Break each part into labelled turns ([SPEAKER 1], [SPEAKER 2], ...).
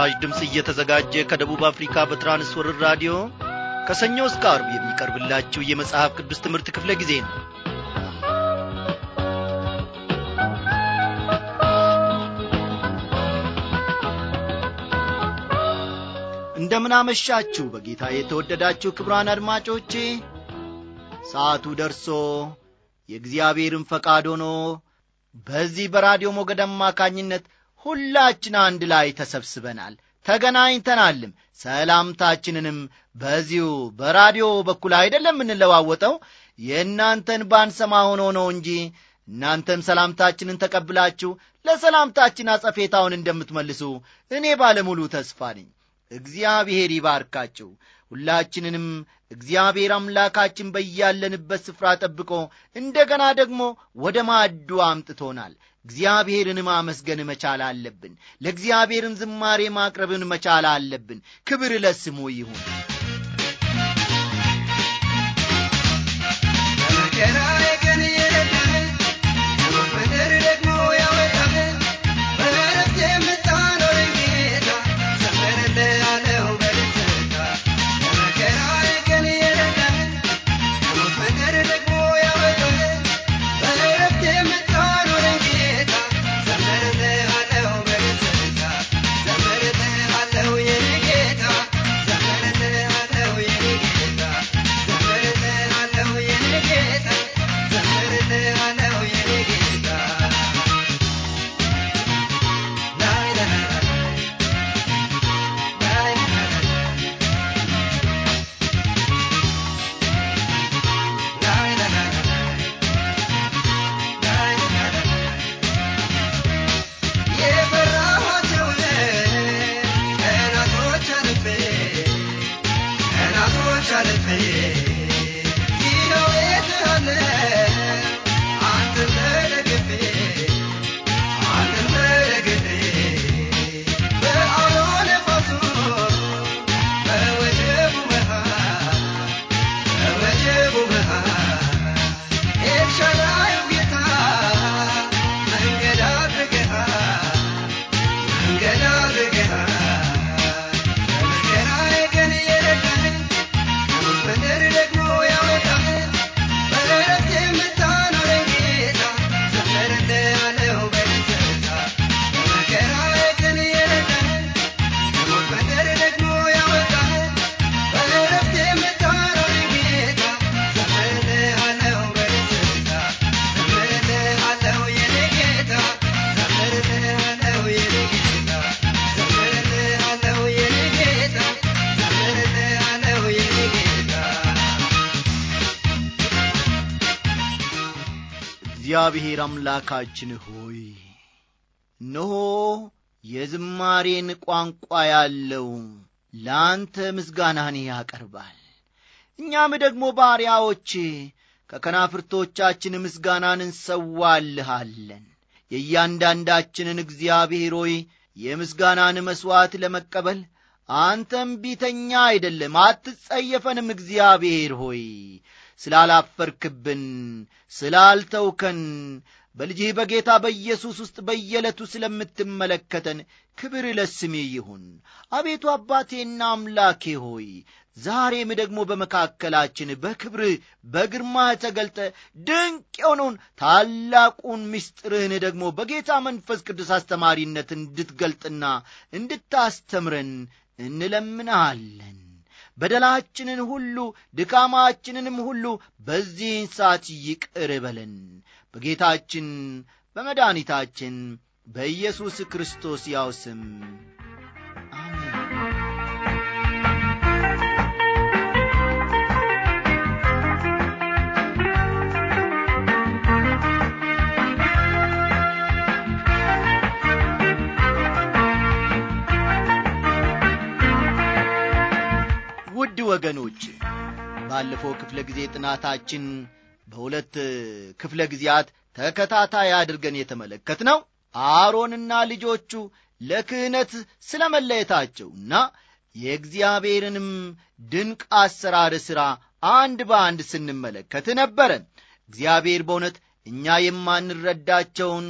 [SPEAKER 1] ለምስራች ድምፅ እየተዘጋጀ ከደቡብ አፍሪካ በትራንስወርር ራዲዮ ከሰኞ እስከ አርብ የሚቀርብላችሁ የመጽሐፍ ቅዱስ ትምህርት ክፍለ ጊዜ ነው እንደምናመሻችሁ በጌታ የተወደዳችሁ ክብራን አድማጮቼ ሰዓቱ ደርሶ የእግዚአብሔርን ፈቃድ ሆኖ በዚህ በራዲዮ ሞገድ አማካኝነት ሁላችን አንድ ላይ ተሰብስበናል፣ ተገናኝተናልም። ሰላምታችንንም በዚሁ በራዲዮ በኩል አይደለም የምንለዋወጠው የእናንተን ባንሰማ ሆኖ ነው እንጂ እናንተም ሰላምታችንን ተቀብላችሁ ለሰላምታችን አጸፌታውን እንደምትመልሱ እኔ ባለሙሉ ተስፋ ነኝ። እግዚአብሔር ይባርካችሁ። ሁላችንንም እግዚአብሔር አምላካችን በያለንበት ስፍራ ጠብቆ እንደገና ደግሞ ወደ ማዕዱ አምጥቶናል። እግዚአብሔርን ማመስገን መቻል አለብን። ለእግዚአብሔርን ዝማሬ ማቅረብን መቻል አለብን። ክብር ለስሙ ይሁን። እግዚአብሔር አምላካችን ሆይ እነሆ የዝማሬን ቋንቋ ያለው ለአንተ ምስጋናን ያቀርባል እኛም ደግሞ ባሪያዎች ከከናፍርቶቻችን ምስጋናን እንሰዋልሃለን የእያንዳንዳችንን እግዚአብሔር ሆይ የምስጋናን መሥዋዕት ለመቀበል አንተም ቢተኛ አይደለም አትጸየፈንም እግዚአብሔር ሆይ ስላላፈርክብን፣ ስላልተውከን በልጅህ በጌታ በኢየሱስ ውስጥ በየዕለቱ ስለምትመለከተን ክብር ለስሜ ይሁን። አቤቱ አባቴና አምላኬ ሆይ ዛሬም ደግሞ በመካከላችን በክብር በግርማ ተገልጠ ድንቅ የሆነውን ታላቁን ምስጢርህን ደግሞ በጌታ መንፈስ ቅዱስ አስተማሪነት እንድትገልጥና እንድታስተምረን እንለምናሃለን። በደላችንን ሁሉ ድካማችንንም ሁሉ በዚህን ሰዓት ይቅር በለን በጌታችን በመድኒታችን በኢየሱስ ክርስቶስ ያው ስም ወገኖች ባለፈው ክፍለ ጊዜ ጥናታችን በሁለት ክፍለ ጊዜያት ተከታታይ አድርገን የተመለከት ነው አሮንና ልጆቹ ለክህነት ስለ መለየታቸውና የእግዚአብሔርንም ድንቅ አሰራር ሥራ አንድ በአንድ ስንመለከት ነበረን እግዚአብሔር በእውነት እኛ የማንረዳቸውን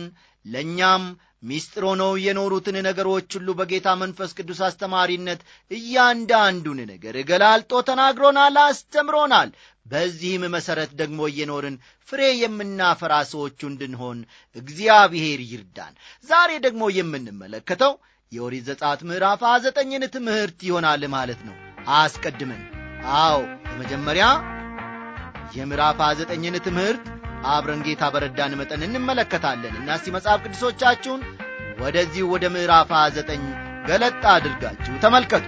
[SPEAKER 1] ለእኛም ሚስጥር ሆነው የኖሩትን ነገሮች ሁሉ በጌታ መንፈስ ቅዱስ አስተማሪነት እያንዳንዱን ነገር ገላልጦ ተናግሮናል፣ አስተምሮናል። በዚህም መሠረት ደግሞ እየኖርን ፍሬ የምናፈራ ሰዎቹ እንድንሆን እግዚአብሔር ይርዳን። ዛሬ ደግሞ የምንመለከተው የኦሪት ዘጸአት ምዕራፍ ዘጠኝን ትምህርት ይሆናል ማለት ነው። አስቀድመን አዎ፣ በመጀመሪያ የምዕራፍ ዘጠኝን ትምህርት አብረን ጌታ በረዳን መጠን እንመለከታለን እና እስቲ መጽሐፍ ቅዱሶቻችሁን ወደዚህ ወደ ምዕራፍ 29 ገለጣ አድርጋችሁ ተመልከቱ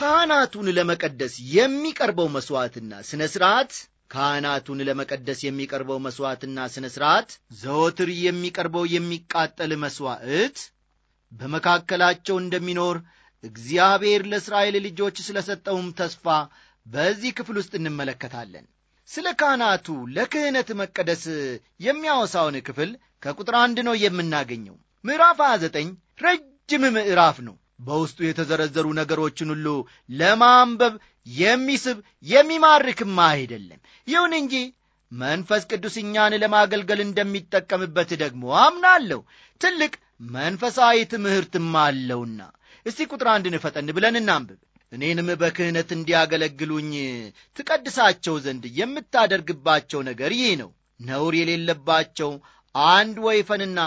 [SPEAKER 1] ካህናቱን ለመቀደስ የሚቀርበው መሥዋዕትና ሥነ ሥርዓት ካህናቱን ለመቀደስ የሚቀርበው መሥዋዕትና ሥነ ሥርዓት ዘወትር የሚቀርበው የሚቃጠል መሥዋዕት በመካከላቸው እንደሚኖር እግዚአብሔር ለእስራኤል ልጆች ስለ ሰጠውም ተስፋ በዚህ ክፍል ውስጥ እንመለከታለን። ስለ ካህናቱ ለክህነት መቀደስ የሚያወሳውን ክፍል ከቁጥር አንድ ነው የምናገኘው። ምዕራፍ 29 ረጅም ምዕራፍ ነው። በውስጡ የተዘረዘሩ ነገሮችን ሁሉ ለማንበብ የሚስብ የሚማርክማ አይደለም። ይሁን እንጂ መንፈስ ቅዱስኛን ለማገልገል እንደሚጠቀምበት ደግሞ አምናለሁ። ትልቅ መንፈሳዊ ትምህርትም አለውና እስቲ ቁጥር አንድን ፈጠን ብለን እናንብብ እኔንም በክህነት እንዲያገለግሉኝ ትቀድሳቸው ዘንድ የምታደርግባቸው ነገር ይህ ነው ነውር የሌለባቸው አንድ ወይፈንና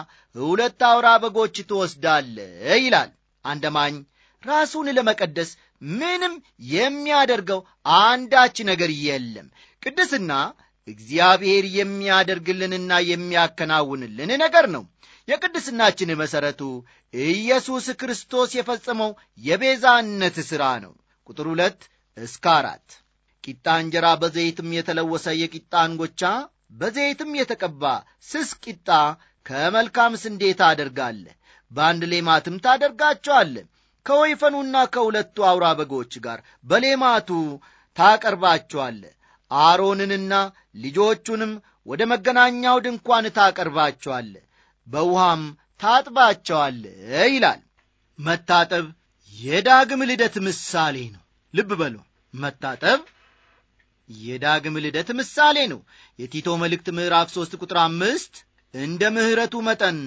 [SPEAKER 1] ሁለት አውራ በጎች ትወስዳለ ይላል አንደማኝ ራሱን ለመቀደስ ምንም የሚያደርገው አንዳች ነገር የለም ቅድስና እግዚአብሔር የሚያደርግልንና የሚያከናውንልን ነገር ነው የቅድስናችን መሠረቱ ኢየሱስ ክርስቶስ የፈጸመው የቤዛነት ሥራ ነው። ቁጥር ሁለት እስከ አራት ቂጣ እንጀራ በዘይትም የተለወሰ የቂጣ እንጎቻ በዘይትም የተቀባ ስስ ቂጣ ከመልካም ስንዴ ታደርጋለህ፣ በአንድ ሌማትም ታደርጋቸዋለህ። ከወይፈኑና ከሁለቱ አውራ በጎች ጋር በሌማቱ ታቀርባቸዋለህ። አሮንንና ልጆቹንም ወደ መገናኛው ድንኳን ታቀርባቸዋለህ። በውሃም ታጥባቸዋለ ይላል። መታጠብ የዳግም ልደት ምሳሌ ነው። ልብ በሉ፣ መታጠብ የዳግም ልደት ምሳሌ ነው። የቲቶ መልእክት ምዕራፍ 3 ቁጥር አምስት እንደ ምሕረቱ መጠን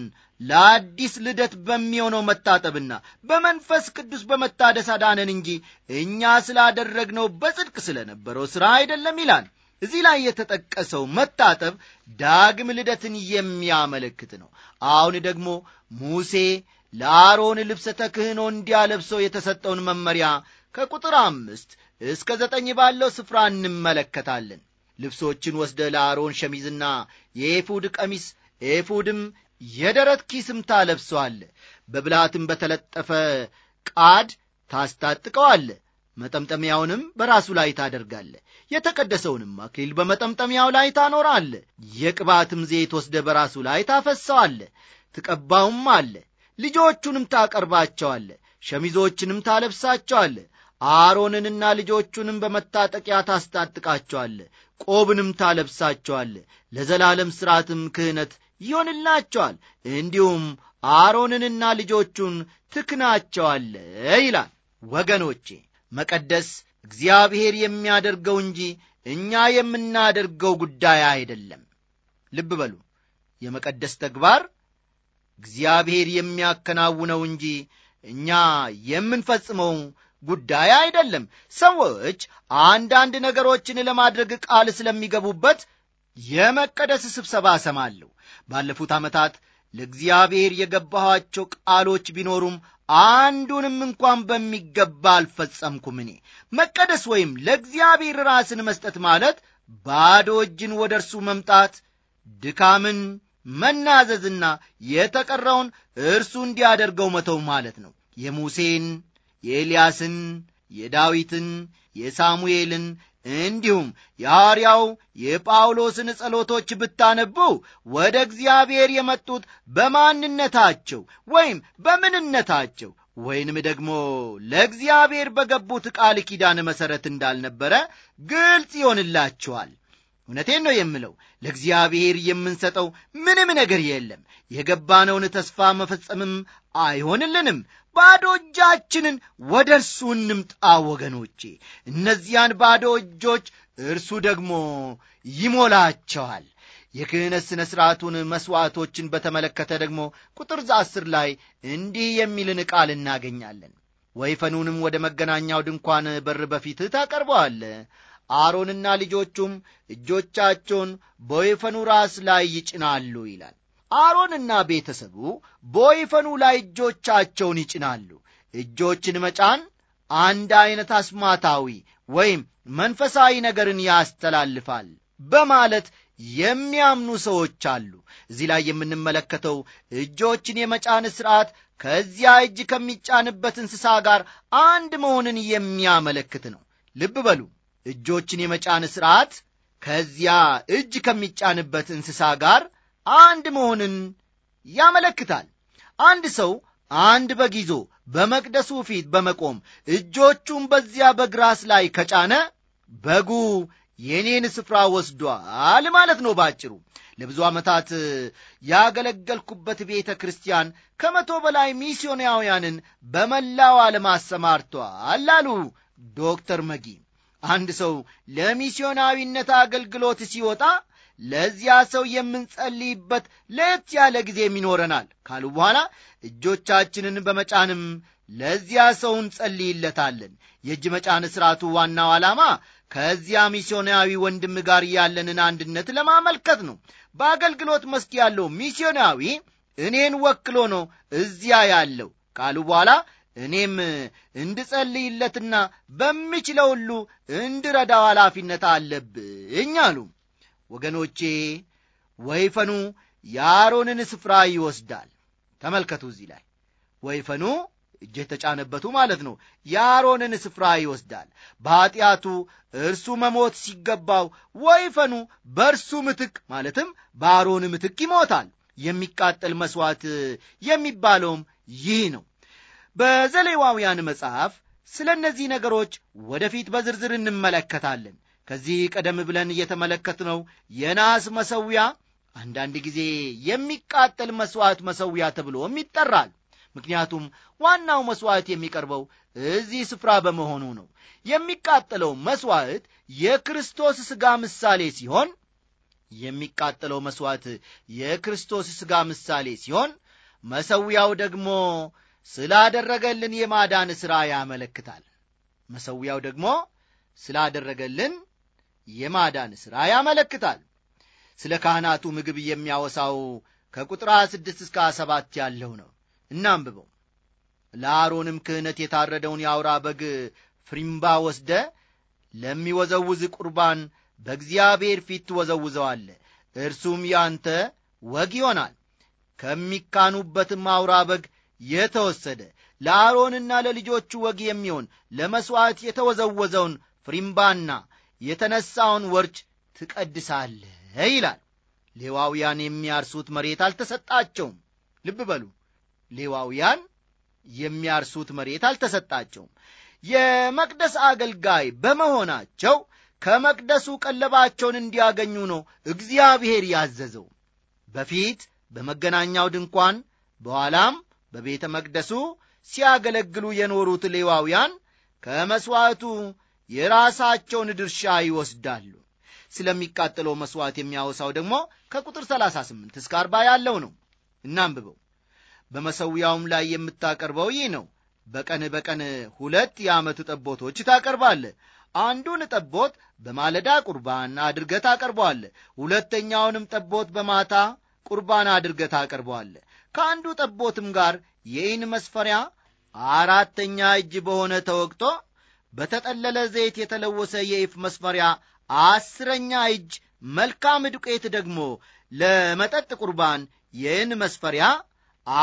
[SPEAKER 1] ለአዲስ ልደት በሚሆነው መታጠብና በመንፈስ ቅዱስ በመታደስ አዳነን እንጂ እኛ ስላደረግነው በጽድቅ ስለነበረው ሥራ አይደለም ይላል። እዚህ ላይ የተጠቀሰው መታጠብ ዳግም ልደትን የሚያመለክት ነው። አሁን ደግሞ ሙሴ ለአሮን ልብሰ ተክህኖ እንዲያለብሰው የተሰጠውን መመሪያ ከቁጥር አምስት እስከ ዘጠኝ ባለው ስፍራ እንመለከታለን። ልብሶችን ወስደ ለአሮን ሸሚዝና የኤፉድ ቀሚስ ኤፉድም የደረት ኪስም ታለብሰዋለ። በብልሃትም በተለጠፈ ቃድ ታስታጥቀዋለ። መጠምጠሚያውንም በራሱ ላይ ታደርጋለ የተቀደሰውንም አክሊል በመጠምጠሚያው ላይ ታኖራለ የቅባትም ዘይት ወስደ በራሱ ላይ ታፈሰዋለ፣ ትቀባውም አለ። ልጆቹንም ታቀርባቸዋለ፣ ሸሚዞችንም ታለብሳቸዋለ። አሮንንና ልጆቹንም በመታጠቂያ ታስታጥቃቸዋለ፣ ቆብንም ታለብሳቸዋለ። ለዘላለም ሥርዓትም ክህነት ይሆንላቸዋል። እንዲሁም አሮንንና ልጆቹን ትክናቸዋለ ይላል። ወገኖቼ መቀደስ እግዚአብሔር የሚያደርገው እንጂ እኛ የምናደርገው ጉዳይ አይደለም። ልብ በሉ፣ የመቀደስ ተግባር እግዚአብሔር የሚያከናውነው እንጂ እኛ የምንፈጽመው ጉዳይ አይደለም። ሰዎች አንዳንድ ነገሮችን ለማድረግ ቃል ስለሚገቡበት የመቀደስ ስብሰባ እሰማለሁ። ባለፉት ዓመታት ለእግዚአብሔር የገባኋቸው ቃሎች ቢኖሩም አንዱንም እንኳን በሚገባ አልፈጸምኩም። እኔ መቀደስ ወይም ለእግዚአብሔር ራስን መስጠት ማለት ባዶ እጅን ወደ እርሱ መምጣት፣ ድካምን፣ መናዘዝና የተቀረውን እርሱ እንዲያደርገው መተው ማለት ነው። የሙሴን፣ የኤልያስን፣ የዳዊትን፣ የሳሙኤልን፣ እንዲሁም የሐዋርያው የጳውሎስን ጸሎቶች ብታነቡ ወደ እግዚአብሔር የመጡት በማንነታቸው ወይም በምንነታቸው ወይንም ደግሞ ለእግዚአብሔር በገቡት ቃል ኪዳን መሠረት እንዳልነበረ ግልጽ ይሆንላችኋል እውነቴን ነው የምለው ለእግዚአብሔር የምንሰጠው ምንም ነገር የለም። የገባነውን ተስፋ መፈጸምም አይሆንልንም። ባዶ እጃችንን ወደ እርሱ እንምጣ ወገኖቼ። እነዚያን ባዶ እጆች እርሱ ደግሞ ይሞላቸዋል። የክህነት ሥነ ሥርዓቱን መሥዋዕቶችን በተመለከተ ደግሞ ቁጥር አስር ላይ እንዲህ የሚልን ቃል እናገኛለን። ወይፈኑንም ወደ መገናኛው ድንኳን በር በፊት ታቀርበዋለ አሮንና ልጆቹም እጆቻቸውን በወይፈኑ ራስ ላይ ይጭናሉ ይላል። አሮንና ቤተሰቡ በወይፈኑ ላይ እጆቻቸውን ይጭናሉ። እጆችን መጫን አንድ ዐይነት አስማታዊ ወይም መንፈሳዊ ነገርን ያስተላልፋል በማለት የሚያምኑ ሰዎች አሉ። እዚህ ላይ የምንመለከተው እጆችን የመጫን ሥርዓት ከዚያ እጅ ከሚጫንበት እንስሳ ጋር አንድ መሆንን የሚያመለክት ነው። ልብ በሉ እጆችን የመጫን ሥርዓት ከዚያ እጅ ከሚጫንበት እንስሳ ጋር አንድ መሆንን ያመለክታል። አንድ ሰው አንድ በግ ይዞ በመቅደሱ ፊት በመቆም እጆቹን በዚያ በግ ራስ ላይ ከጫነ በጉ የኔን ስፍራ ወስዷል ማለት ነው። ባጭሩ ለብዙ ዓመታት ያገለገልኩበት ቤተ ክርስቲያን ከመቶ በላይ ሚስዮናውያንን በመላው ዓለም አሰማርቷል አሉ ዶክተር መጊ። አንድ ሰው ለሚስዮናዊነት አገልግሎት ሲወጣ ለዚያ ሰው የምንጸልይበት ለየት ያለ ጊዜም ይኖረናል ካሉ በኋላ እጆቻችንን በመጫንም ለዚያ ሰው እንጸልይለታለን። የእጅ መጫን ሥርዓቱ ዋናው ዓላማ ከዚያ ሚስዮናዊ ወንድም ጋር ያለንን አንድነት ለማመልከት ነው። በአገልግሎት መስክ ያለው ሚስዮናዊ እኔን ወክሎ ነው እዚያ ያለው ካሉ በኋላ እኔም እንድጸልይለትና በምችለው ሁሉ እንድረዳው ኃላፊነት አለብኝ አሉ። ወገኖቼ ወይፈኑ የአሮንን ስፍራ ይወስዳል። ተመልከቱ እዚህ ላይ ወይፈኑ እጅ የተጫነበቱ ማለት ነው። የአሮንን ስፍራ ይወስዳል። በኀጢአቱ እርሱ መሞት ሲገባው ወይፈኑ በእርሱ ምትክ ማለትም በአሮን ምትክ ይሞታል። የሚቃጠል መሥዋዕት የሚባለውም ይህ ነው። በዘሌዋውያን መጽሐፍ ስለ እነዚህ ነገሮች ወደፊት በዝርዝር እንመለከታለን። ከዚህ ቀደም ብለን እየተመለከትነው የናስ መሰዊያ አንዳንድ ጊዜ የሚቃጠል መሥዋዕት መሰዊያ ተብሎም ይጠራል። ምክንያቱም ዋናው መሥዋዕት የሚቀርበው እዚህ ስፍራ በመሆኑ ነው። የሚቃጠለው መሥዋዕት የክርስቶስ ሥጋ ምሳሌ ሲሆን የሚቃጠለው መሥዋዕት የክርስቶስ ሥጋ ምሳሌ ሲሆን መሰዊያው ደግሞ ስላደረገልን የማዳን ሥራ ያመለክታል። መሠዊያው ደግሞ ስላደረገልን የማዳን ሥራ ያመለክታል። ስለ ካህናቱ ምግብ የሚያወሳው ከቁጥር 26 እስከ 27 ያለው ነው። እናንብበው። ለአሮንም ክህነት የታረደውን የአውራ በግ ፍሪምባ ወስደ ለሚወዘውዝ ቁርባን በእግዚአብሔር ፊት ትወዘውዘዋለ። እርሱም ያንተ ወግ ይሆናል። ከሚካኑበትም አውራ በግ የተወሰደ ለአሮንና ለልጆቹ ወግ የሚሆን ለመሥዋዕት የተወዘወዘውን ፍሪምባና የተነሣውን ወርች ትቀድሳለህ ይላል። ሌዋውያን የሚያርሱት መሬት አልተሰጣቸውም። ልብ በሉ፣ ሌዋውያን የሚያርሱት መሬት አልተሰጣቸውም። የመቅደስ አገልጋይ በመሆናቸው ከመቅደሱ ቀለባቸውን እንዲያገኙ ነው እግዚአብሔር ያዘዘው። በፊት በመገናኛው ድንኳን በኋላም በቤተ መቅደሱ ሲያገለግሉ የኖሩት ሌዋውያን ከመሥዋዕቱ የራሳቸውን ድርሻ ይወስዳሉ። ስለሚቃጠለው መሥዋዕት የሚያወሳው ደግሞ ከቁጥር 38 እስከ 40 ያለው ነው። እናንብበው። በመሠዊያውም ላይ የምታቀርበው ይህ ነው። በቀን በቀን ሁለት የዓመቱ ጠቦቶች ታቀርባለ። አንዱን ጠቦት በማለዳ ቁርባን አድርገ ታቀርበዋለ። ሁለተኛውንም ጠቦት በማታ ቁርባን አድርገ ታቀርበዋለ። ከአንዱ ጠቦትም ጋር የኢን መስፈሪያ አራተኛ እጅ በሆነ ተወቅቶ በተጠለለ ዘይት የተለወሰ የኢፍ መስፈሪያ አስረኛ እጅ መልካም ዱቄት ደግሞ ለመጠጥ ቁርባን የኢን መስፈሪያ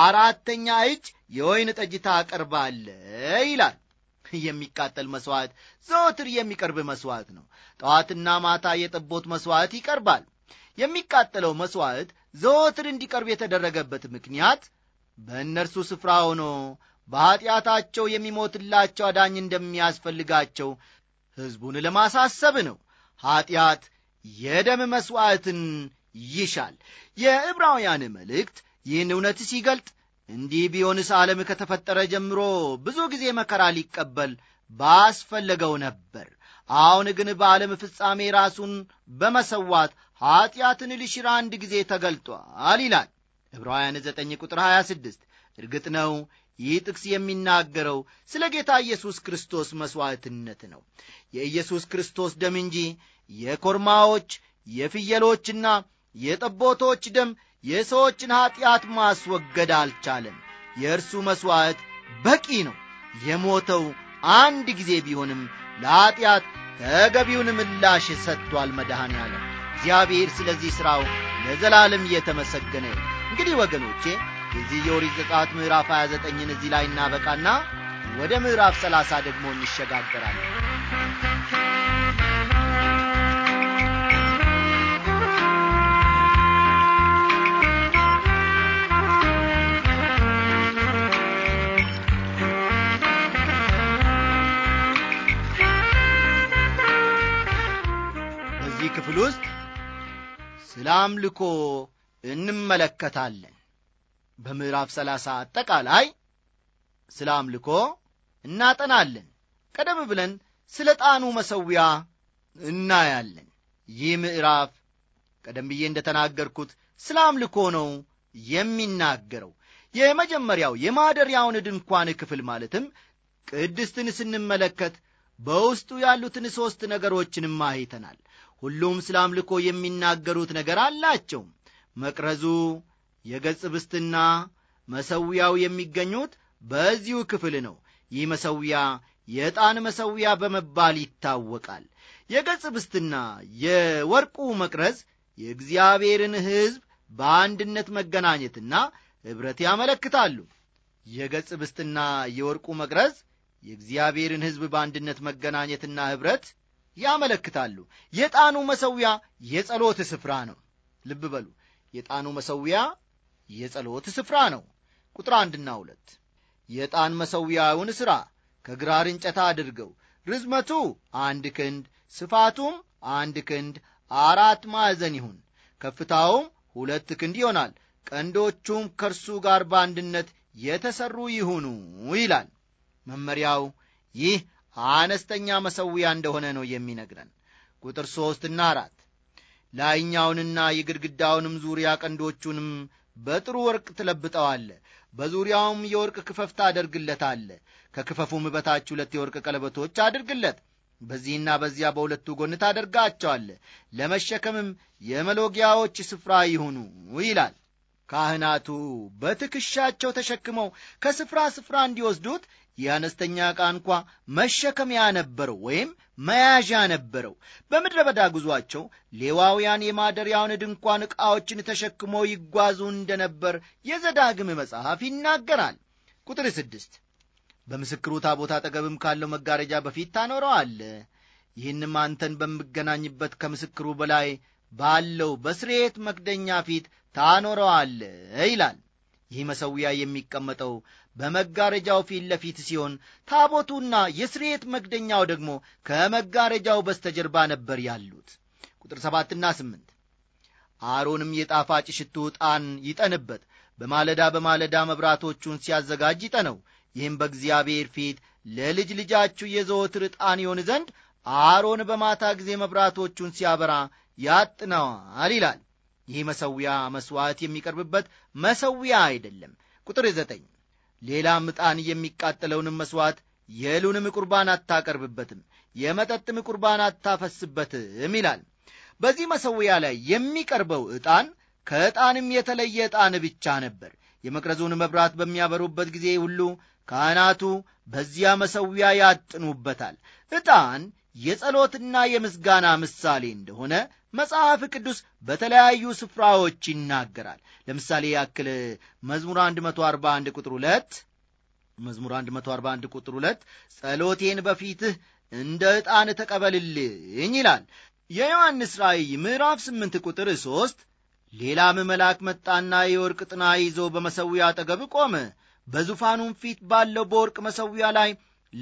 [SPEAKER 1] አራተኛ እጅ የወይን ጠጅ ታቀርባለ ይላል። የሚቃጠል መሥዋዕት ዘወትር የሚቀርብ መሥዋዕት ነው። ጠዋትና ማታ የጠቦት መሥዋዕት ይቀርባል። የሚቃጠለው መሥዋዕት ዘወትር እንዲቀርብ የተደረገበት ምክንያት በእነርሱ ስፍራ ሆኖ በኀጢአታቸው የሚሞትላቸው አዳኝ እንደሚያስፈልጋቸው ሕዝቡን ለማሳሰብ ነው። ኀጢአት የደም መሥዋዕትን ይሻል። የዕብራውያን መልእክት ይህን እውነት ሲገልጥ እንዲህ ቢሆንስ ዓለም ከተፈጠረ ጀምሮ ብዙ ጊዜ መከራ ሊቀበል ባስፈለገው ነበር አሁን ግን በዓለም ፍጻሜ ራሱን በመሰዋት ኀጢአትን ሊሽር አንድ ጊዜ ተገልጧል ይላል ዕብራውያን 9 ቁጥር 26 እርግጥ ነው ይህ ጥቅስ የሚናገረው ስለ ጌታ ኢየሱስ ክርስቶስ መሥዋዕትነት ነው የኢየሱስ ክርስቶስ ደም እንጂ የኮርማዎች የፍየሎችና የጠቦቶች ደም የሰዎችን ኀጢአት ማስወገድ አልቻለም የእርሱ መሥዋዕት በቂ ነው የሞተው አንድ ጊዜ ቢሆንም ለኀጢአት ተገቢውን ምላሽ ሰጥቷል መድኃኔ ዓለም እግዚአብሔር ስለዚህ ሥራው ለዘላለም እየተመሰገነ እንግዲህ ወገኖቼ የዚህ የኦሪት ዘጸአት ምዕራፍ 29 እዚህ ላይ እናበቃና ወደ ምዕራፍ 30 ደግሞ እንሸጋገራለን ክፍል ውስጥ ስለ አምልኮ እንመለከታለን። በምዕራፍ ሰላሳ አጠቃላይ ስለ አምልኮ እናጠናለን። ቀደም ብለን ስለ ጣኑ መሰዊያ እናያለን። ይህ ምዕራፍ ቀደም ብዬ እንደ ተናገርኩት ስለ አምልኮ ነው የሚናገረው። የመጀመሪያው የማደሪያውን ድንኳን ክፍል ማለትም ቅድስትን ስንመለከት በውስጡ ያሉትን ሦስት ነገሮችንም አይተናል። ሁሉም ስለ አምልኮ የሚናገሩት ነገር አላቸው መቅረዙ የገጽ ብስትና መሰዊያው የሚገኙት በዚሁ ክፍል ነው ይህ መሰዊያ የዕጣን መሰዊያ በመባል ይታወቃል የገጽ ብስትና የወርቁ መቅረዝ የእግዚአብሔርን ሕዝብ በአንድነት መገናኘትና ኅብረት ያመለክታሉ የገጽ ብስትና የወርቁ መቅረዝ የእግዚአብሔርን ሕዝብ በአንድነት መገናኘትና ኅብረት ያመለክታሉ። የጣኑ መሰውያ የጸሎት ስፍራ ነው። ልብ በሉ፣ የጣኑ መሰዊያ የጸሎት ስፍራ ነው። ቁጥር አንድና ሁለት የጣን መሠዊያውን ሥራ ከግራር እንጨት አድርገው ርዝመቱ አንድ ክንድ ስፋቱም አንድ ክንድ አራት ማዕዘን ይሁን፣ ከፍታውም ሁለት ክንድ ይሆናል። ቀንዶቹም ከእርሱ ጋር በአንድነት የተሠሩ ይሁኑ ይላል መመሪያው። ይህ አነስተኛ መሰዊያ እንደሆነ ነው የሚነግረን። ቁጥር ሦስትና አራት ላይኛውንና የግድግዳውንም ዙሪያ ቀንዶቹንም በጥሩ ወርቅ ትለብጠዋለ። በዙሪያውም የወርቅ ክፈፍ ታደርግለታለ። ከክፈፉም በታች ሁለት የወርቅ ቀለበቶች አድርግለት። በዚህና በዚያ በሁለቱ ጎን ታደርጋቸዋለ። ለመሸከምም የመሎጊያዎች ስፍራ ይሁኑ ይላል። ካህናቱ በትከሻቸው ተሸክመው ከስፍራ ስፍራ እንዲወስዱት የአነስተኛ ዕቃ እንኳ መሸከሚያ ነበረው ወይም መያዣ ነበረው። በምድረ በዳ ጉዟቸው ሌዋውያን የማደሪያውን ድንኳን ዕቃዎችን ተሸክሞ ይጓዙ እንደነበር የዘዳግም መጽሐፍ ይናገራል። ቁጥር ስድስት በምስክሩ ታቦት አጠገብም ካለው መጋረጃ በፊት ታኖረዋለ። ይህንም አንተን በምገናኝበት ከምስክሩ በላይ ባለው በስርየት መክደኛ ፊት ታኖረዋለ ይላል። ይህ መሠዊያ የሚቀመጠው በመጋረጃው ፊት ለፊት ሲሆን ታቦቱና የስርየት መግደኛው ደግሞ ከመጋረጃው በስተጀርባ ነበር ያሉት። ቁጥር ሰባትና ስምንት አሮንም የጣፋጭ ሽቱ ዕጣን ይጠንበት፣ በማለዳ በማለዳ መብራቶቹን ሲያዘጋጅ ይጠነው። ይህም በእግዚአብሔር ፊት ለልጅ ልጃችሁ የዘወትር ዕጣን ይሆን ዘንድ አሮን በማታ ጊዜ መብራቶቹን ሲያበራ ያጥነዋል ይላል። ይህ መሰዊያ መሥዋዕት የሚቀርብበት መሰዊያ አይደለም። ቁጥር ዘጠኝ ሌላ ምጣን የሚቃጠለውንም መሥዋዕት የእህሉንም ቁርባን አታቀርብበትም፣ የመጠጥም ቁርባን አታፈስበትም ይላል። በዚህ መሰዊያ ላይ የሚቀርበው ዕጣን ከዕጣንም የተለየ ዕጣን ብቻ ነበር። የመቅረዙን መብራት በሚያበሩበት ጊዜ ሁሉ ካህናቱ በዚያ መሰዊያ ያጥኑበታል። ዕጣን የጸሎትና የምስጋና ምሳሌ እንደሆነ መጽሐፍ ቅዱስ በተለያዩ ስፍራዎች ይናገራል። ለምሳሌ ያክል መዝሙር 141 ቁጥር 2 መዝሙር 141 ቁጥር 2 ጸሎቴን በፊትህ እንደ ዕጣን ተቀበልልኝ ይላል። የዮሐንስ ራእይ ምዕራፍ 8 ቁጥር 3 ሌላም መልአክ መጣና የወርቅ ጥና ይዞ በመሠዊያ አጠገብ ቆመ። በዙፋኑም ፊት ባለው በወርቅ መሠዊያ ላይ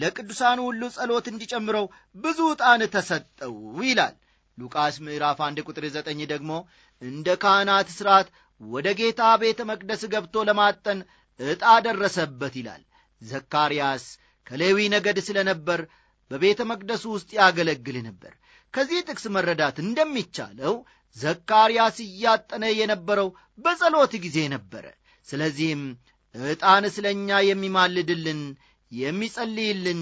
[SPEAKER 1] ለቅዱሳን ሁሉ ጸሎት እንዲጨምረው ብዙ ዕጣን ተሰጠው ይላል። ሉቃስ ምዕራፍ 1 ቁጥር 9 ደግሞ እንደ ካህናት ሥርዓት ወደ ጌታ ቤተ መቅደስ ገብቶ ለማጠን ዕጣ ደረሰበት ይላል። ዘካርያስ ከሌዊ ነገድ ስለ ነበር በቤተ መቅደሱ ውስጥ ያገለግል ነበር። ከዚህ ጥቅስ መረዳት እንደሚቻለው ዘካርያስ እያጠነ የነበረው በጸሎት ጊዜ ነበረ። ስለዚህም ዕጣን ስለ እኛ የሚማልድልን የሚጸልይልን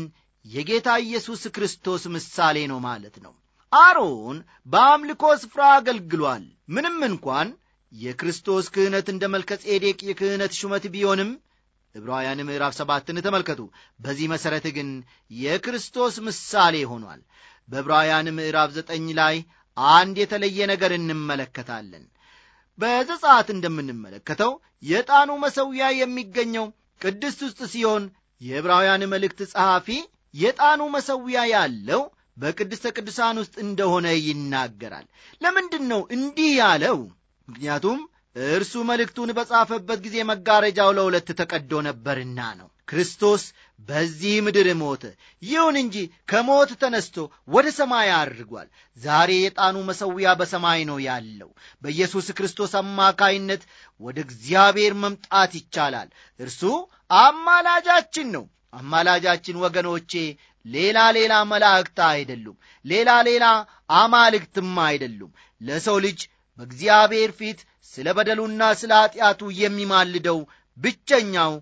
[SPEAKER 1] የጌታ ኢየሱስ ክርስቶስ ምሳሌ ነው ማለት ነው። አሮን በአምልኮ ስፍራ አገልግሏል። ምንም እንኳን የክርስቶስ ክህነት እንደ መልከጼዴቅ የክህነት ሹመት ቢሆንም ዕብራውያን ምዕራፍ ሰባትን ተመልከቱ። በዚህ መሠረት ግን የክርስቶስ ምሳሌ ሆኗል። በዕብራውያን ምዕራፍ ዘጠኝ ላይ አንድ የተለየ ነገር እንመለከታለን። በዘጸአት እንደምንመለከተው የጣኑ መሠዊያ የሚገኘው ቅድስት ውስጥ ሲሆን የዕብራውያን መልእክት ጸሐፊ የጣኑ መሠዊያ ያለው በቅድስተ ቅዱሳን ውስጥ እንደሆነ ይናገራል። ለምንድን ነው እንዲህ ያለው? ምክንያቱም እርሱ መልእክቱን በጻፈበት ጊዜ መጋረጃው ለሁለት ተቀዶ ነበርና ነው። ክርስቶስ በዚህ ምድር ሞተ። ይሁን እንጂ ከሞት ተነስቶ ወደ ሰማይ አድርጓል። ዛሬ የጣኑ መሠዊያ በሰማይ ነው ያለው። በኢየሱስ ክርስቶስ አማካይነት ወደ እግዚአብሔር መምጣት ይቻላል። እርሱ አማላጃችን ነው። አማላጃችን ወገኖቼ ሌላ ሌላ መላእክት አይደሉም፣ ሌላ ሌላ አማልክትም አይደሉም። ለሰው ልጅ በእግዚአብሔር ፊት ስለ በደሉና ስለ ኀጢአቱ የሚማልደው ብቸኛው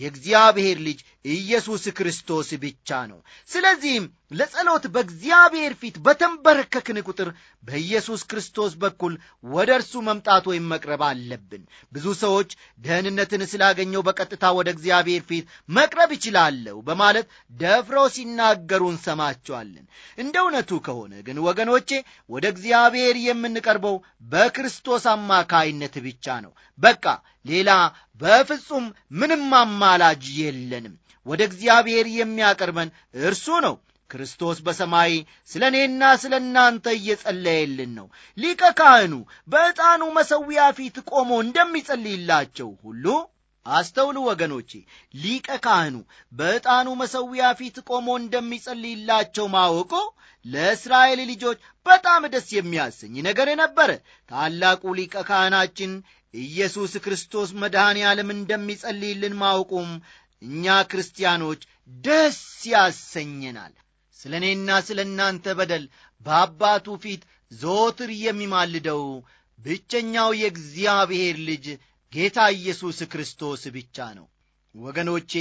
[SPEAKER 1] የእግዚአብሔር ልጅ ኢየሱስ ክርስቶስ ብቻ ነው። ስለዚህም ለጸሎት በእግዚአብሔር ፊት በተንበረከክን ቁጥር በኢየሱስ ክርስቶስ በኩል ወደ እርሱ መምጣት ወይም መቅረብ አለብን። ብዙ ሰዎች ደህንነትን ስላገኘው በቀጥታ ወደ እግዚአብሔር ፊት መቅረብ ይችላለሁ በማለት ደፍረው ሲናገሩ እንሰማቸዋለን። እንደ እውነቱ ከሆነ ግን ወገኖቼ ወደ እግዚአብሔር የምንቀርበው በክርስቶስ አማካይነት ብቻ ነው። በቃ ሌላ በፍጹም ምንም አማላጅ የለንም። ወደ እግዚአብሔር የሚያቀርበን እርሱ ነው። ክርስቶስ በሰማይ ስለ እኔና ስለ እናንተ እየጸለየልን ነው። ሊቀ ካህኑ በዕጣኑ መሠዊያ ፊት ቆሞ እንደሚጸልይላቸው ሁሉ አስተውሉ ወገኖቼ፣ ሊቀ ካህኑ በዕጣኑ መሠዊያ ፊት ቆሞ እንደሚጸልይላቸው ማወቁ ለእስራኤል ልጆች በጣም ደስ የሚያሰኝ ነገር ነበረ። ታላቁ ሊቀ ካህናችን ኢየሱስ ክርስቶስ መድኃኔ ዓለም እንደሚጸልይልን ማወቁም እኛ ክርስቲያኖች ደስ ያሰኘናል። ስለ እኔና ስለ እናንተ በደል በአባቱ ፊት ዘወትር የሚማልደው ብቸኛው የእግዚአብሔር ልጅ ጌታ ኢየሱስ ክርስቶስ ብቻ ነው። ወገኖቼ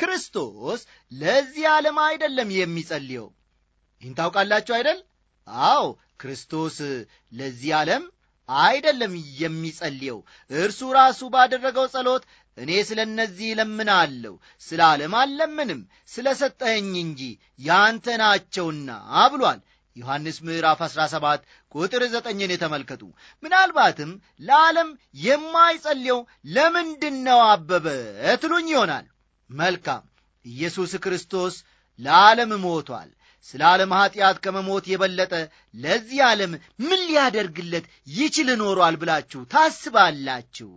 [SPEAKER 1] ክርስቶስ ለዚህ ዓለም አይደለም የሚጸልየው። ይህን ታውቃላችሁ አይደል? አዎ ክርስቶስ ለዚህ ዓለም አይደለም የሚጸልየው። እርሱ ራሱ ባደረገው ጸሎት እኔ ስለ እነዚህ እለምናለሁ፣ ስለ ዓለም አልለምንም፣ ስለ ሰጠኸኝ እንጂ ያንተ ናቸውና ብሏል። ዮሐንስ ምዕራፍ 17 ቁጥር ዘጠኝን የተመልከቱ። ምናልባትም ለዓለም የማይጸልየው ለምንድን ነው አበበ ትሉኝ ይሆናል። መልካም ኢየሱስ ክርስቶስ ለዓለም ሞቷል። ስለ ዓለም ኀጢአት ከመሞት የበለጠ ለዚህ ዓለም ምን ሊያደርግለት ይችል ኖሯል ብላችሁ ታስባላችሁ?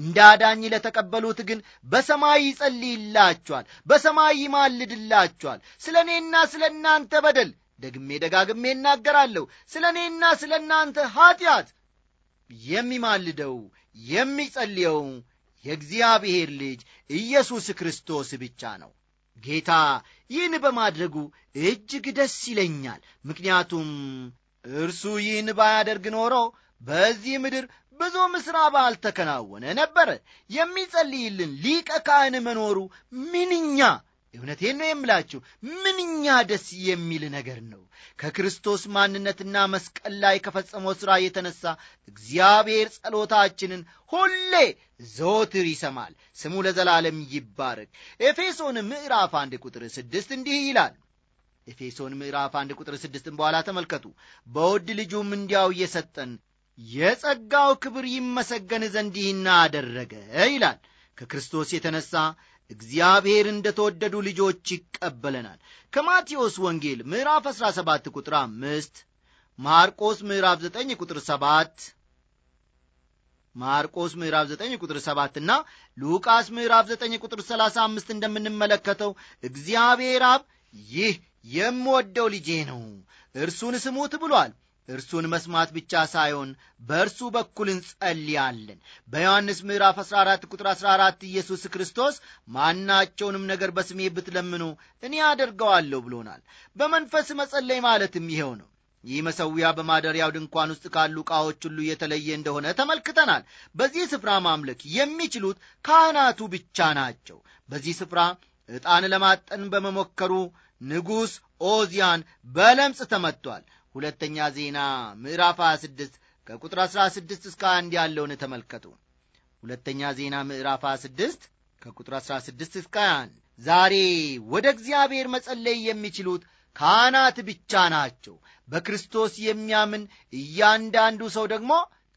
[SPEAKER 1] እንደ አዳኝ ለተቀበሉት ግን በሰማይ ይጸልይላችኋል፣ በሰማይ ይማልድላችኋል። ስለ እኔና ስለ እናንተ በደል ደግሜ ደጋግሜ እናገራለሁ፣ ስለ እኔና ስለ እናንተ ኀጢአት የሚማልደው የሚጸልየው የእግዚአብሔር ልጅ ኢየሱስ ክርስቶስ ብቻ ነው። ጌታ ይህን በማድረጉ እጅግ ደስ ይለኛል። ምክንያቱም እርሱ ይህን ባያደርግ ኖሮ በዚህ ምድር ብዙ ምሥራ በዓል ተከናወነ ነበር። የሚጸልይልን ሊቀ ካህን መኖሩ ምንኛ እውነቴን ነው የምላችሁ ምንኛ ደስ የሚል ነገር ነው። ከክርስቶስ ማንነትና መስቀል ላይ ከፈጸመው ሥራ የተነሳ እግዚአብሔር ጸሎታችንን ሁሌ ዘወትር ይሰማል። ስሙ ለዘላለም ይባረክ። ኤፌሶን ምዕራፍ አንድ ቁጥር ስድስት እንዲህ ይላል። ኤፌሶን ምዕራፍ አንድ ቁጥር ስድስትን በኋላ ተመልከቱ። በውድ ልጁም እንዲያው እየሰጠን የጸጋው ክብር ይመሰገን ዘንድ ይህና አደረገ ይላል። ከክርስቶስ የተነሳ እግዚአብሔር እንደ ተወደዱ ልጆች ይቀበለናል። ከማቴዎስ ወንጌል ምዕራፍ 17 ቁጥር 5፣ ማርቆስ ምዕራፍ 9 ቁጥር 7 ማርቆስ ምዕራፍ 9 ቁጥር 7 እና ሉቃስ ምዕራፍ 9 ቁጥር 35 እንደምንመለከተው እግዚአብሔር አብ ይህ የምወደው ልጄ ነው፣ እርሱን ስሙት ብሏል። እርሱን መስማት ብቻ ሳይሆን በእርሱ በኩል እንጸልያለን። በዮሐንስ ምዕራፍ 14 ቁጥር 14 ኢየሱስ ክርስቶስ ማናቸውንም ነገር በስሜ ብትለምኑ እኔ አደርገዋለሁ ብሎናል። በመንፈስ መጸለይ ማለትም ይኸው ነው። ይህ መሠዊያ በማደሪያው ድንኳን ውስጥ ካሉ ዕቃዎች ሁሉ የተለየ እንደሆነ ተመልክተናል። በዚህ ስፍራ ማምለክ የሚችሉት ካህናቱ ብቻ ናቸው። በዚህ ስፍራ ዕጣን ለማጠን በመሞከሩ ንጉሥ ኦዚያን በለምጽ ተመጥቷል። ሁለተኛ ዜና ምዕራፍ 26 ከቁጥር 16 እስከ አንድ ያለውን ተመልከቱ። ሁለተኛ ዜና ምዕራፍ 26 ከቁጥር 16 እስከ 1 ዛሬ ወደ እግዚአብሔር መጸለይ የሚችሉት ካህናት ብቻ ናቸው። በክርስቶስ የሚያምን እያንዳንዱ ሰው ደግሞ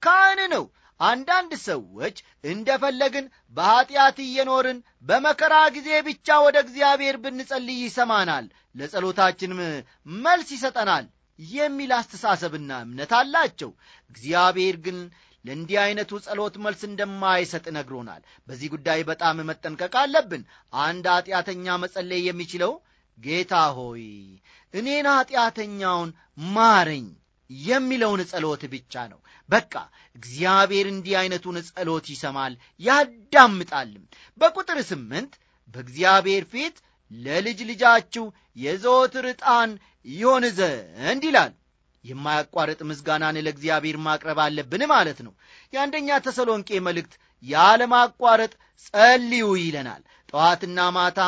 [SPEAKER 1] ካህን ነው። አንዳንድ ሰዎች እንደፈለግን በኀጢአት እየኖርን በመከራ ጊዜ ብቻ ወደ እግዚአብሔር ብንጸልይ ይሰማናል፣ ለጸሎታችንም መልስ ይሰጠናል። የሚል አስተሳሰብና እምነት አላቸው። እግዚአብሔር ግን ለእንዲህ ዐይነቱ ጸሎት መልስ እንደማይሰጥ ነግሮናል። በዚህ ጉዳይ በጣም መጠንቀቅ አለብን። አንድ ኀጢአተኛ መጸለይ የሚችለው ጌታ ሆይ እኔን ኀጢአተኛውን ማረኝ የሚለውን ጸሎት ብቻ ነው። በቃ እግዚአብሔር እንዲህ ዐይነቱን ጸሎት ይሰማል ያዳምጣልም። በቁጥር ስምንት በእግዚአብሔር ፊት ለልጅ ልጃችሁ የዘወትር ዕጣን ይሆን ዘንድ ይላል። የማያቋርጥ ምስጋናን ለእግዚአብሔር ማቅረብ አለብን ማለት ነው። የአንደኛ ተሰሎንቄ መልእክት ያለማቋረጥ ጸልዩ ይለናል። ጠዋትና ማታ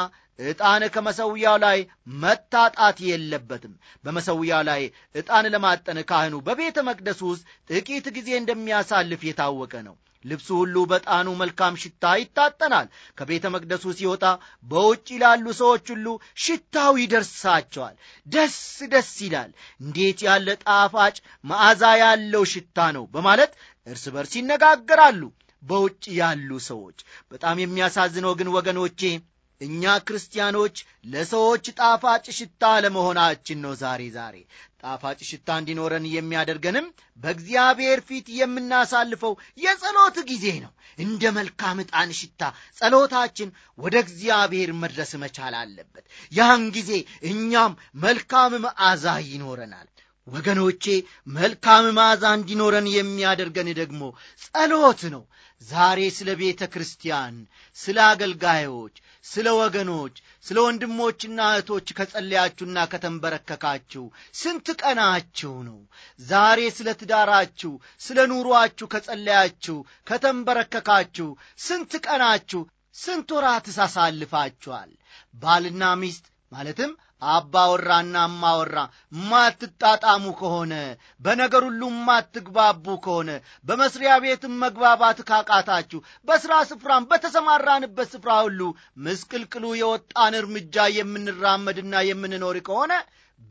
[SPEAKER 1] ዕጣን ከመሠዊያው ላይ መታጣት የለበትም። በመሠዊያው ላይ ዕጣን ለማጠን ካህኑ በቤተ መቅደሱ ውስጥ ጥቂት ጊዜ እንደሚያሳልፍ የታወቀ ነው። ልብሱ ሁሉ በጣኑ መልካም ሽታ ይታጠናል። ከቤተ መቅደሱ ሲወጣ በውጭ ላሉ ሰዎች ሁሉ ሽታው ይደርሳቸዋል። ደስ ደስ ይላል። እንዴት ያለ ጣፋጭ መዓዛ ያለው ሽታ ነው በማለት እርስ በርስ ይነጋገራሉ በውጭ ያሉ ሰዎች። በጣም የሚያሳዝነው ግን ወገኖቼ እኛ ክርስቲያኖች ለሰዎች ጣፋጭ ሽታ ለመሆናችን ነው። ዛሬ ዛሬ ጣፋጭ ሽታ እንዲኖረን የሚያደርገንም በእግዚአብሔር ፊት የምናሳልፈው የጸሎት ጊዜ ነው። እንደ መልካም ዕጣን ሽታ ጸሎታችን ወደ እግዚአብሔር መድረስ መቻል አለበት። ያን ጊዜ እኛም መልካም መዓዛ ይኖረናል። ወገኖቼ መልካም መዓዛ እንዲኖረን የሚያደርገን ደግሞ ጸሎት ነው። ዛሬ ስለ ቤተ ክርስቲያን፣ ስለ አገልጋዮች፣ ስለ ወገኖች፣ ስለ ወንድሞችና እህቶች ከጸለያችሁና ከተንበረከካችሁ ስንት ቀናችሁ ነው? ዛሬ ስለ ትዳራችሁ፣ ስለ ኑሮአችሁ ከጸለያችሁ ከተንበረከካችሁ ስንት ቀናችሁ፣ ስንት ወራት አሳልፋችኋል? ባልና ሚስት ማለትም አባወራና አማወራ ማትጣጣሙ ከሆነ በነገር ሁሉ ማትግባቡ ከሆነ በመስሪያ ቤትም መግባባት ካቃታችሁ፣ በሥራ ስፍራም በተሰማራንበት ስፍራ ሁሉ ምስቅልቅሉ የወጣን እርምጃ የምንራመድና የምንኖር ከሆነ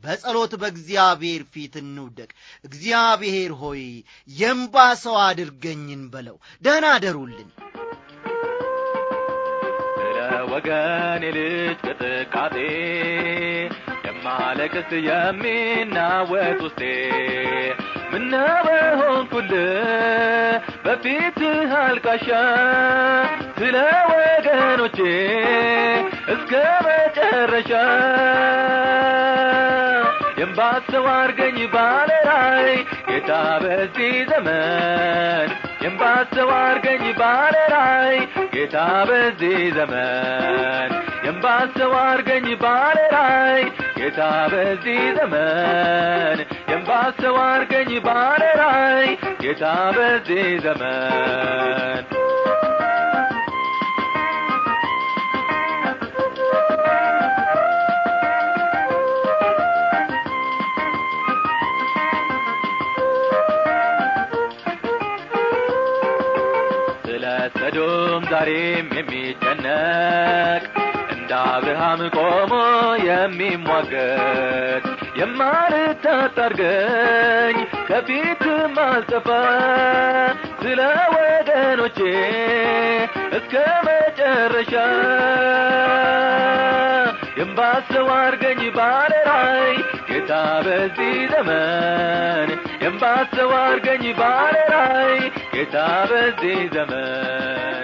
[SPEAKER 1] በጸሎት በእግዚአብሔር ፊት እንውደቅ። እግዚአብሔር ሆይ የምባ ሰው አድርገኝን በለው። ደህና አደሩልን።
[SPEAKER 2] ወገን ልጅ ቅጥቃጤ የማለቅስ የሚናወት ውስጤ ምነው ኩል በፊት አልቃሻ ስለ ወገኖቼ እስከ መጨረሻ የምባሰው አርገኝ ባለ ላይ ጌታ በዚህ ዘመን የምባስተዋርከኝ ባለራይ ጌታ በዚህ ዘመን የምባስተዋርከኝ ባለራይ ጌታ በዚህ ዘመን የምባስተዋርከኝ ባለራይ ጌታ በዚህ ዘመን ዛሬም የሚጨነቅ እንደ አብርሃም ቆሞ የሚሟገት የማልታጠርገኝ ከፊት ማልጠፋ ስለ ወገኖቼ እስከ መጨረሻ ባለ ራይ ጌታ በዚህ ዘመን ባለ ራይ ጌታ በዚህ ዘመን